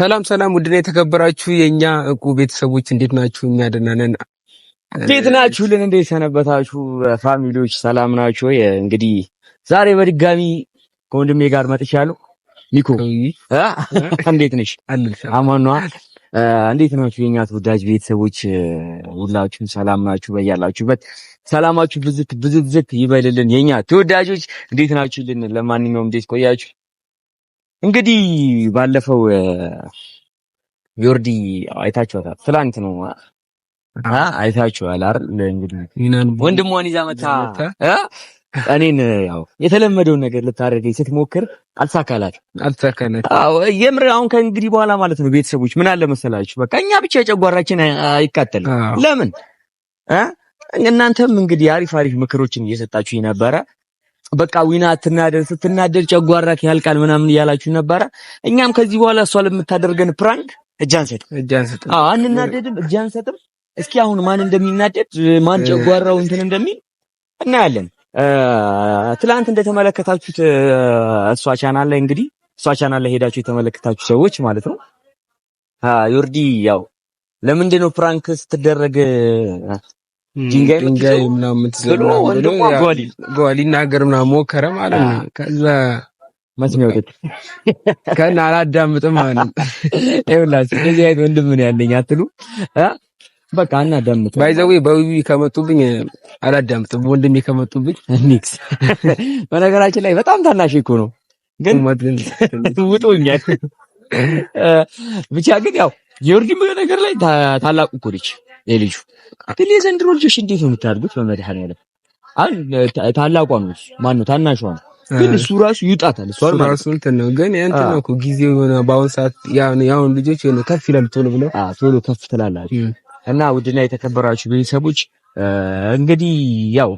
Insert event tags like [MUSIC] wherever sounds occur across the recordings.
ሰላም ሰላም፣ ውድና የተከበራችሁ የእኛ እቁ ቤተሰቦች እንዴት ናችሁ? እኛ ደህና ነን። እንዴት ናችሁልን? እንዴት ሰነበታችሁ ፋሚሊዎች? ሰላም ናችሁ? እንግዲህ ዛሬ በድጋሚ ከወንድሜ ጋር መጥቻለሁ። ኒኮ እንዴት ነሽ? አማኗ እንዴት ናችሁ? የኛ ተወዳጅ ቤተሰቦች ሁላችሁም ሰላም ናችሁ? በያላችሁበት ሰላማችሁ ብዝት ብዝት ይበልልን። የኛ ተወዳጆች እንዴት ናችሁልን? ለማንኛውም እንዴት ቆያችሁ? እንግዲህ ባለፈው ዮርዲ አይታችኋታል። ትላንት ነው አይታችኋል አይደል? እንግዲህ ወንድሟን ይዛ መታ እኔን ያው የተለመደውን ነገር ልታደርገኝ ስትሞክር አልሳካላት አልሳካላት። አዎ የምር አሁን ከእንግዲህ በኋላ ማለት ነው ቤተሰቦች ምን አለ መሰላችሁ፣ በቃ እኛ ብቻ ጨጓራችን አይቃጠልም። ለምን እናንተም እንግዲህ አሪፍ አሪፍ ምክሮችን እየሰጣችሁ ነበረ። በቃ ዊና አትናደድ፣ ስትናደድ ጨጓራክ ያልቃል ምናምን እያላችሁ ነበረ። እኛም ከዚህ በኋላ እሷ ለምታደርገን ፕራንክ እጅ አንሰጥም፣ እጅ አንሰጥም፣ አንናደድም፣ እጅ አንሰጥም። እስኪ አሁን ማን እንደሚናደድ ማን ጨጓራው እንትን እንደሚል እናያለን። ትላንት እንደተመለከታችሁት እሷ ቻናል ላይ እንግዲህ እሷ ቻናል ላይ ሄዳችሁ የተመለከታችሁ ሰዎች ማለት ነው። ዮርዲ ያው ለምንድን ነው ፕራንክ ስትደረግ ድንጋይ ምናምን ጎል ይናገር ምናምን ሞከረ ማለት ነው። ከዛ ከና [LAUGHS] አላዳምጥም ማለት ነው። [LAUGHS] እንደዚህ አይነት ወንድም ነው ያለኝ አትሉ በቃ አናዳምጥ ከመጡብኝ አላዳምጥም። ወንድሜ ከመጡብኝ ኒክስ። [LAUGHS] በነገራችን ላይ በጣም ታናሽ እኮ ነው፣ ግን ውጦኛል። ብቻ ግን ያው ጊዮርጊ ነገር ላይ ታላቁ እኮ ነች የልጁ ግን የዘንድሮ ልጆች እንዴት ነው የምታድጉት? በመድኃኒዓለም አሁን ታላቋ ነው ማን ነው ታናሿ ነው ግን እሱ ራሱ ይውጣታል። እሱ ራሱ እንትን ነው ግን እንትን ነው እኮ ጊዜው የሆነ በአሁን ሰዓት ያን ያን ልጆች የሆነ ከፍ ይላል ቶሎ ብለው ቶሎ ከፍ ትላላችሁ። እና ውድና የተከበራችሁ ቤተሰቦች እንግዲህ ያው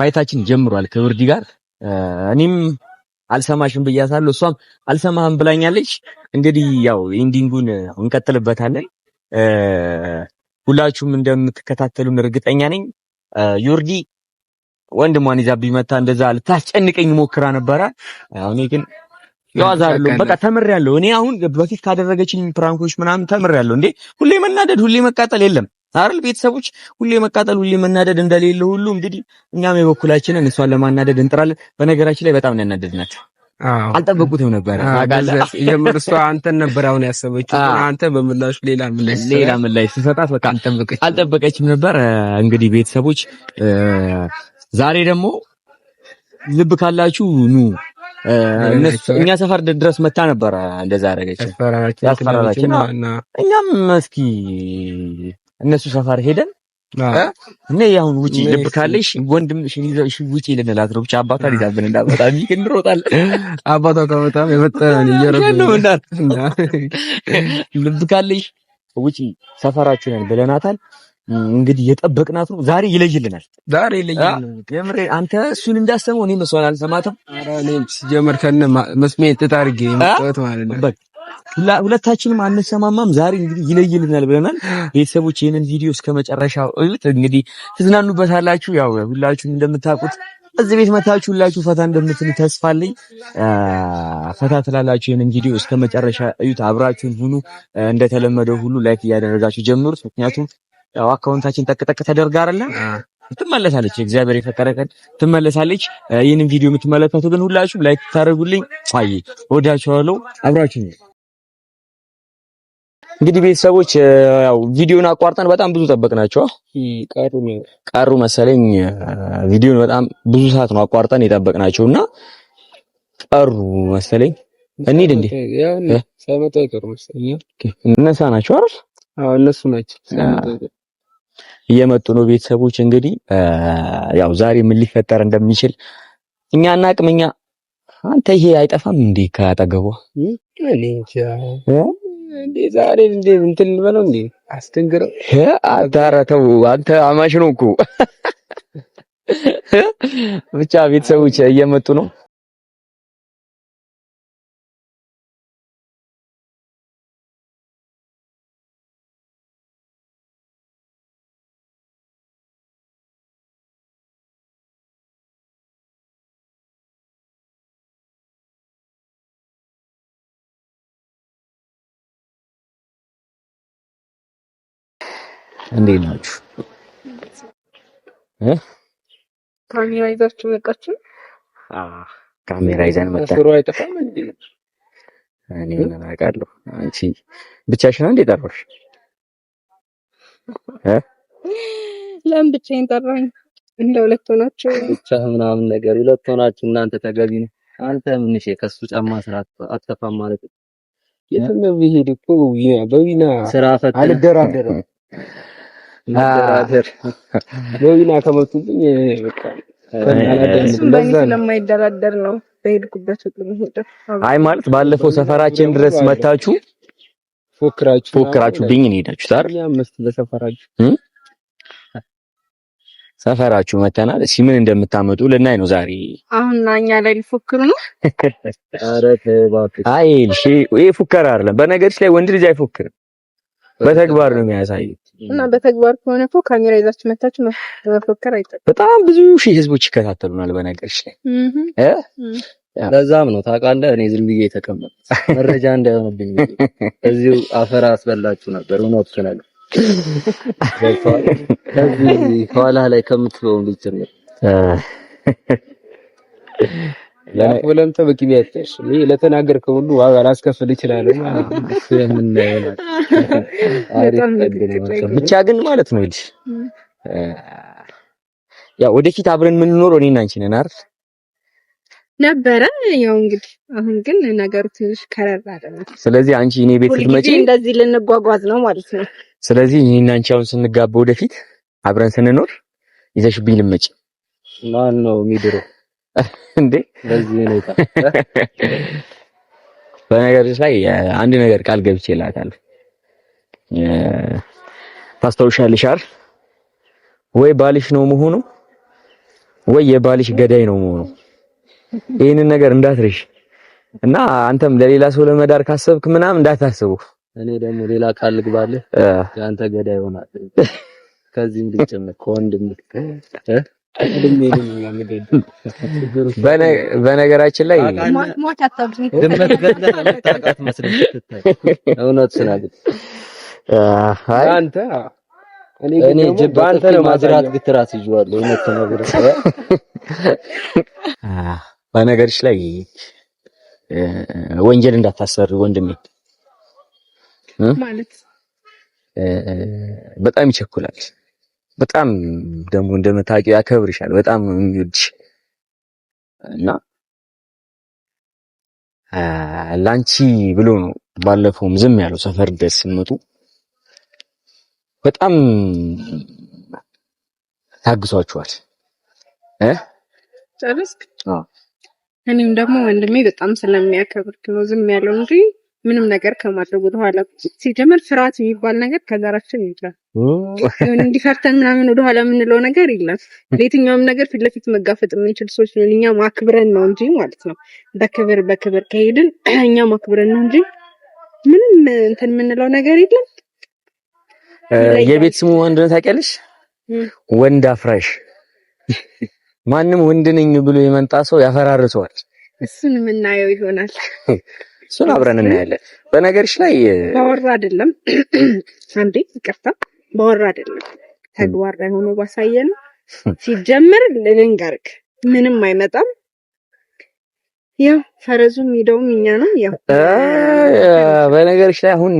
ፋይታችን ጀምሯል ከብርድ ጋር እኔም አልሰማሽም ብያታለሁ፣ እሷም አልሰማህም ብላኛለች። እንግዲህ ያው ኢንዲንጉን እንቀጥልበታለን። ሁላችሁም እንደምትከታተሉን እርግጠኛ ነኝ። ዮርዲ ወንድሟን ይዛ ቢመታ እንደዛ ልታስጨንቀኝ ሞክራ ነበረ። እኔ ግን የዋዛ አይደለሁም፣ በቃ ተምሬያለሁ። እኔ አሁን በፊት ካደረገችኝ ፕራንኮች ምናምን ተምሬያለሁ። እንዴ ሁሌ መናደድ፣ ሁሌ መቃጠል የለም አይደል? ቤተሰቦች ሁሌ መቃጠል፣ ሁሌ መናደድ እንደሌለ ሁሉ እንግዲህ እኛም የበኩላችንን እሷን ለማናደድ እንጥራለን። በነገራችን ላይ በጣም እናናደድናት አልጠበቁትም ነበረ። የምር እሷ አንተን ነበር አሁን ያሰበችው። አንተ በምላሹ ሌላ ምላሽ ሌላ ምላሽ ስሰጣት በቃ አልጠበቀችም ነበር። እንግዲህ ቤተሰቦች ዛሬ ደግሞ ልብ ካላችሁ ኑ እኛ ሰፈር ድረስ መታ ነበረ። እንደዛ አደረገች ያስፈራራችን። እኛም እስኪ እነሱ ሰፈር ሄደን እና ያሁን ውጪ ልብ ካለሽ ወንድምሽን ይዘሽ ውጪ ልንላት ነው። ብቻ አባቷ ሊዛብን እንዳትመጣ ቢክን ሮጣል አባቷ ከመጣም [LAUGHS] የመጣ ነው። ልብ ካለሽ ውጪ ሰፈራችንን ብለናታል። እንግዲህ የጠበቅናት ነው። ዛሬ ይለይልናል። ዛሬ ይለይልናል። የምሬ አንተ እሱን እንዳሰመው እኔም እሷን አልሰማትም። ኧረ እኔም ሲጀመር ከእነ መስሜ ጥጥ አድርጌ የመጣሁት ማለት ነው። ሁለታችንም አንሰማማም። ዛሬ እንግዲህ ይለይልናል ብለናል። ቤተሰቦች ይህንን ቪዲዮ እስከ መጨረሻ እዩት። እንግዲህ ትዝናኑበታላችሁ። ያው ሁላችሁም እንደምታውቁት እዚህ ቤት መታችሁ ሁላችሁ ፈታ እንደምትሉ ተስፋለኝ። ፈታ ትላላችሁ። ይህንን ቪዲዮ እስከ መጨረሻ እዩት። አብራችሁን ሁኑ። እንደተለመደው ሁሉ ላይክ እያደረጋችሁ ጀምሩት። ምክንያቱም ያው አካውንታችን ጠቅጠቅ ተደርጋ አለ ትመለሳለች። እግዚአብሔር የፈቀደ ቀን ትመለሳለች። ይህንን ቪዲዮ የምትመለከቱ ግን ሁላችሁም ላይክ ታደርጉልኝ። ፋይ ወዳችኋለሁ። አብራችሁ እንግዲህ ቤተሰቦች ያው ቪዲዮን አቋርጠን በጣም ብዙ ጠበቅናቸው። ቀሩ መሰለኝ ቪዲዮን በጣም ብዙ ሰዓት ነው አቋርጠን የጠበቅናቸውና ቀሩ መሰለኝ። እንሂድ እንዴ? እነሳ ናቸው አይደል? አዎ እነሱ ናቸው እየመጡ ነው። ቤተሰቦች እንግዲህ ያው ዛሬ ምን ሊፈጠር እንደሚችል እኛ እናቅም። እኛ አንተ ይሄ አይጠፋም እንዴ? ካጠገቧ እንዴ ዛሬ እንዴ እንትን ልበለው እንዴ አስደንግረው። ኧረ ተው አንተ አማሽ ነው እኮ ብቻ ቤተሰቦች እየመጡ ነው። እንዴት ናችሁ? ካሜራ ይዛችሁ መጣችሁ? ካሜራ ይዘን መጣ። ስሩ አይጠፋም እንዴ? እኔ ምን አውቃለሁ። አንቺ ብቻሽን እንዴ ጠራሽ? ለምን ብቻዬን ጠራኝ? እንደ ሁለት ሆናችሁ ብቻ ምናምን ነገር ሁለት ሆናችሁ እናንተ ተገቢ ነው። አንተ ምንሽ ከሱ ጫማ ስራ አትተፋም ማለት ነው። የትም ብሄድ እኮ በዊና ስራ ፈት አልደራደርም [LAUGHS] መደራደር በዊና ከመጡብኝ ስለማይደራደር ነው በሄድኩበት አይ ማለት ባለፈው ሰፈራችን ድረስ መታችሁ ፎክራችሁ ፎክራችሁብኝ ነው የሄዳችሁት አይደል? አምስት በሰፈራችሁ ሰፈራችሁ መተናል። እስኪ ምን እንደምታመጡ ልናይ ነው ዛሬ። አሁን እኛ ላይ ሊፎክሩ ነው? አይ ይሄ ፉከራ አይደለም። በነገርሽ ላይ ወንድ ልጅ አይፎክርም። በተግባር ነው የሚያሳዩት እና በተግባር ከሆነ እኮ ካሜራ ይዛችሁ መታችሁ መፎከር አይጠቅም። በጣም ብዙ ሺህ ህዝቦች ይከታተሉናል በነገርሽ ላይ እ ለዛም ነው ታውቃለህ፣ እኔ ዝም ብዬ የተቀመጥኩት መረጃ እንዳይሆንብኝ እዚሁ አፈር አስበላችሁ ነበር። እውነቱ ነገር ከዚህ ከኋላ ላይ ከምትለውን ልጅ ነው ለምተ በቅቤ ያጠሽ ለተናገርከው ሁሉ ዋጋ ላስከፍል ይችላል። [LAUGHS] ብቻ ግን ማለት ነው ልጅ ያው ወደፊት አብረን የምንኖር እኔና አንቺ ነን አይደል? ነበረ ያው እንግዲህ አሁን ግን ነገሩ ትንሽ ከረር አለ። ስለዚህ አንቺ እኔ ቤት ስትመጪ እንደዚህ ልንጓጓዝ ነው ማለት ነው። ስለዚህ እኔና አንቺ አሁን ስንጋባ ወደፊት አብረን ስንኖር ይዘሽብኝ ልመጪ ማን ነው የሚድረው? እንዴ በዚህ ሁኔታ [LAUGHS] በነገርሽ ላይ አንድ ነገር ቃል ገብቼ እላታለሁ። ታስታውሻለሽ አይደል? ወይ ባልሽ ነው መሆኑ ወይ የባልሽ ገዳይ ነው መሆኑ። ይህንን ነገር እንዳትረሽ እና አንተም ለሌላ ሰው ለመዳር ካሰብክ ምናምን እንዳታስቡ። እኔ ደግሞ ሌላ ቃል ልግባልህ፣ የአንተ ገዳይ ይሆናል ከዚህም ልጨምር ከወንድም በነገራችን ላይ [LAUGHS] እውነት በአንተ ነው ማዝራት ግትራት እውነት ነገር በነገርሽ ላይ ወንጀል እንዳታሰሪ ወንድሜ፣ ማለት በጣም ይቸኩላል። በጣም ደግሞ እንደምታውቂው ያከብርሻል። በጣም የሚወድሽ እና ላንቺ ብሎ ነው ባለፈውም ዝም ያለው ሰፈር ድረስ ስንመጡ በጣም ታግሷችኋል እ ጨርስክ እኔም ደግሞ ወንድሜ በጣም ስለሚያከብርክ ነው ዝም ያለው እንጂ ምንም ነገር ከማድረግ ወደኋላ ሲጀምር ፍርሃት የሚባል ነገር ከዛራችን ይላል። እንዲፈርተን ምናምን ወደኋላ የምንለው ነገር የለም። ለየትኛውም ነገር ፊት ለፊት መጋፈጥ የምንችል ሰዎች ነን። እኛ ማክብረን ነው እንጂ ማለት ነው። በክብር በክብር ከሄድን [CLEARS THROAT] እኛ ማክብረን ነው እንጂ ምንም እንትን የምንለው ነገር የለም። የቤት ስሙ ወንድ ነው ታውቂያለሽ? ወንድ አፍራሽ። ማንም ወንድ ነኝ ብሎ የመንጣ ሰው ያፈራርሰዋል። እሱን የምናየው ይሆናል። [LAUGHS] እሱን አብረን እናያለን። በነገርሽ ላይ ባወራ አይደለም [CLEARS THROAT] አንዴ ይቅርታ፣ ባወራ አይደለም ተግባር ላይ ሆኖ ነው። ሲጀምር ልንገርክ ምንም አይመጣም። ያው ፈረዙም ሄደውም እኛ ነው። ያው በነገርሽ ላይ አሁን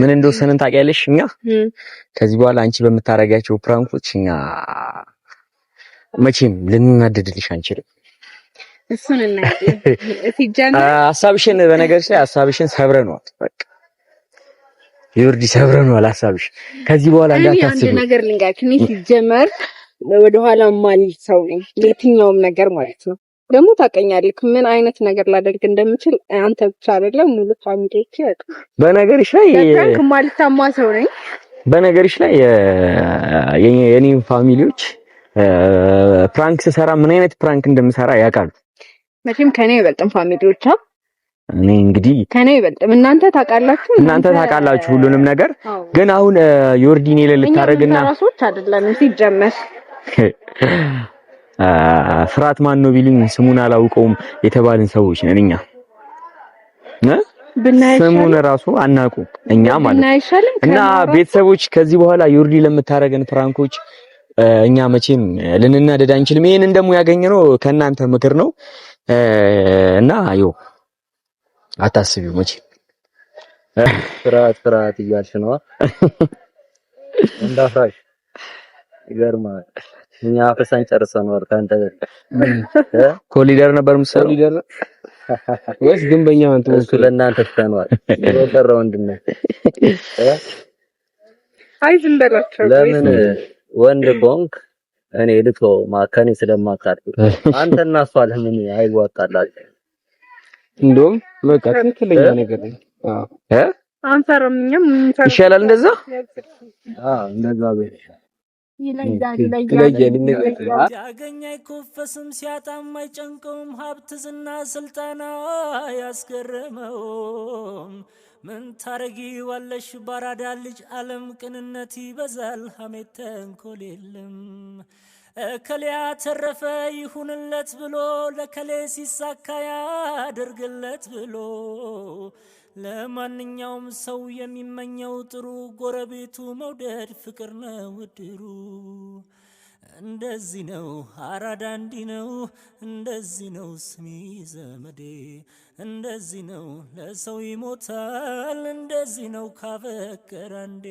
ምን እንደወሰንን ታውቂያለሽ? እኛ ከዚህ በኋላ አንቺ በምታረጊያቸው ፕራንኮች እኛ መቼም ልንናደድልሽ አንችልም። እሱን እናያለን። [LAUGHS] ሲጀምር ሀሳብሽን በነገርሽ ላይ ሀሳብሽን ሰብረነዋል። በቃ ይወርዲ ሰብረነዋል ሀሳብሽን። ከዚህ በኋላ እንዳታስቢ። አንድ ነገር ልንገርሽ፣ እኔ ሲጀመር ወደኋላ ማል ሰው ነኝ፣ የትኛውም ነገር ማለት ነው። ደግሞ ታውቀኛለህ፣ ምን አይነት ነገር ላደርግ እንደምችል አንተ ብቻ አይደለም ሙሉ ፋሚሊዎቼ ያውቃሉ። በነገርሽ ላይ በቃ ማልታማ ሰው ነኝ። በነገርሽ ላይ የኔ ፋሚሊዎች ፕራንክ ስሰራ ምን አይነት ፕራንክ እንደምሰራ ያውቃሉ። መቼም ከኔ ይበልጥም ፋሚሊዎቿ። እኔ እንግዲህ ከኔ ይበልጥም እናንተ ታውቃላችሁ እናንተ ታውቃላችሁ ሁሉንም ነገር። ግን አሁን ዮርዲን የሌለ ልታረግና ራሶች አይደለም ሲጀመር ፍርሃት ማን ነው ቢሉኝ ስሙን አላውቀውም የተባልን ሰዎች ነን እኛ ስሙን ራሱ አናቁ እኛ ማለት ነው። እና ቤተሰቦች ከዚህ በኋላ ዮርዲ ለምታረገን ፕራንኮች እኛ መቼም ልንናደድ አንችልም። ይሄንን ደግሞ ያገኘነው ከእናንተ ምክር ነው። እና ይኸው አታስቢው መቼ ፍርሃት ፍርሃት እያልሽ ነዋ። እንዳፍራሽ ይገርማል። እኛ አፈሳን ጨርሰናል። ከአንተ ኮሊደር ነበር የምትሰራው ኮሊደር ወይስ ግንበኛ? አንተ እሱ ለእናንተ ትተነዋል። ይወደረ ወንድም አይ ዝም በላቸው። ለምን ወንድ ኮንክ እኔ ልቶ ማከኔ ከእኔ ስለማታርቅ [LAUGHS] አንተና እሷ ለምን አይዋጣላል? እንደውም በቃ ትክክለኛ ነገር ነው። አዎ አንፈርም፣ እኛም ይሻላል። እንደዛ አዎ፣ እንደዛ ያገኝ አይኮፈስም፣ ሲያጣም አይጨንቀውም። ሀብት ዝና ያስገረመውም ምን ታረጊዋለሽ ባራዳ ልጅ ዓለም ቅንነት ይበዛል፣ ሐሜት ተንኮል የለም። እከሊያ ተረፈ ይሁንለት ብሎ ለከሌ ሲሳካ ያደርግለት ብሎ ለማንኛውም ሰው የሚመኘው ጥሩ ጎረቤቱ መውደድ ፍቅር ነው እድሩ። እንደዚህ ነው አራዳ እንዲ ነው እንደዚህ ነው ስሚ ዘመዴ እንደዚህ ነው ለሰው ይሞታል እንደዚህ ነው ካፈቀረ እንዴ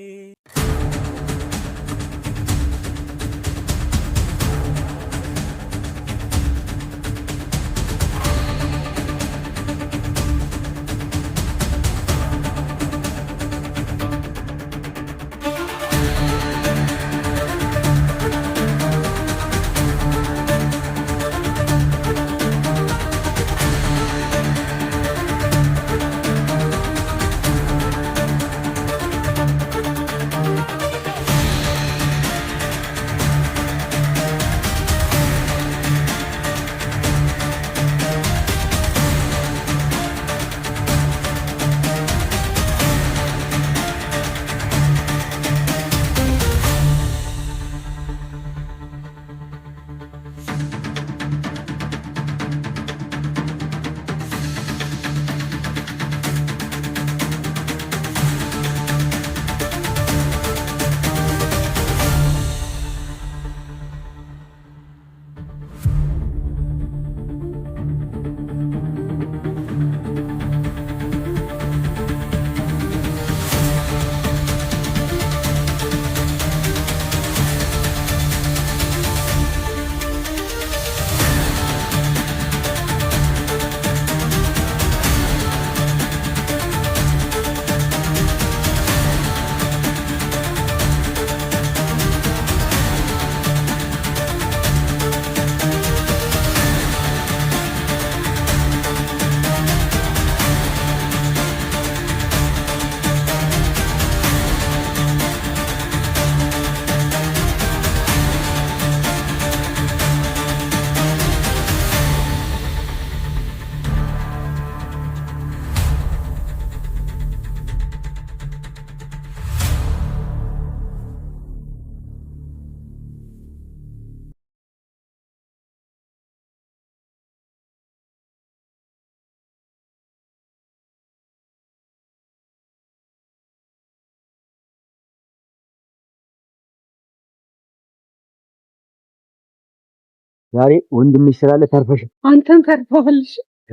ዛሬ ወንድምሽ ስላለ ተርፈሽ አንተም ተርፈሃል።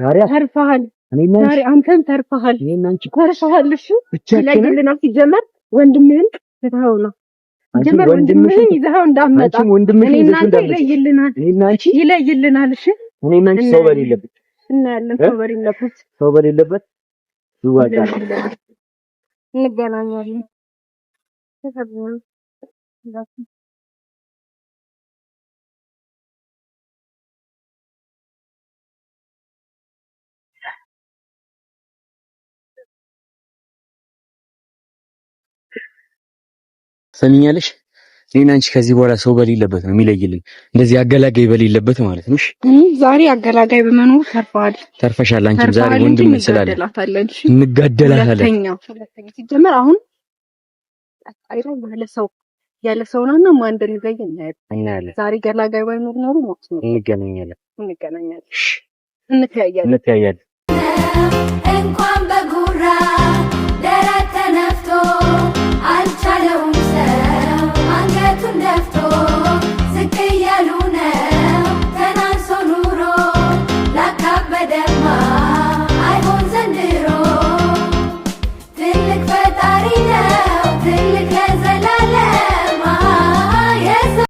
ዛሬ ተርፈሃል። ዛሬ አንተም ተርፈሃል። እኔና አንቺ ተርፈሃል። እሺ ይለግልና ሲጀመር ወንድምህን ትተኸው ነው ጀመር ወንድምህን ይዘኸው እንዳመጣ እኔና አንቺ ይለይልናል። እኔና አንቺ ይለይልናል። እሺ እኔና አንቺ ሰው በሌለበት እናያለን። ሰው በሌለበት ሰው በሌለበት ይዋጋል። እንገናኛለን። ሰሚኛለሽ እኔና አንቺ ከዚህ በኋላ ሰው በሌለበት ነው የሚለይልኝ። እንደዚህ አገላጋይ በሌለበት ማለት ነው። ዛሬ አገላጋይ በመኖር ተርፈሃል፣ ተርፈሻል። አንቺም ዛሬ ወንድም ስላለን እንጋደላታለን። ሲጀመር አሁን ያለ ሰው ያለ ሰው ነው እና ማን እንደሚገኝ እናያለን። ዛሬ ገላጋይ ባይኖር ኖሩ ማለት ነው። እንገናኛለን፣ እንገናኛለን፣ እንተያያለን፣ እንተያያለን።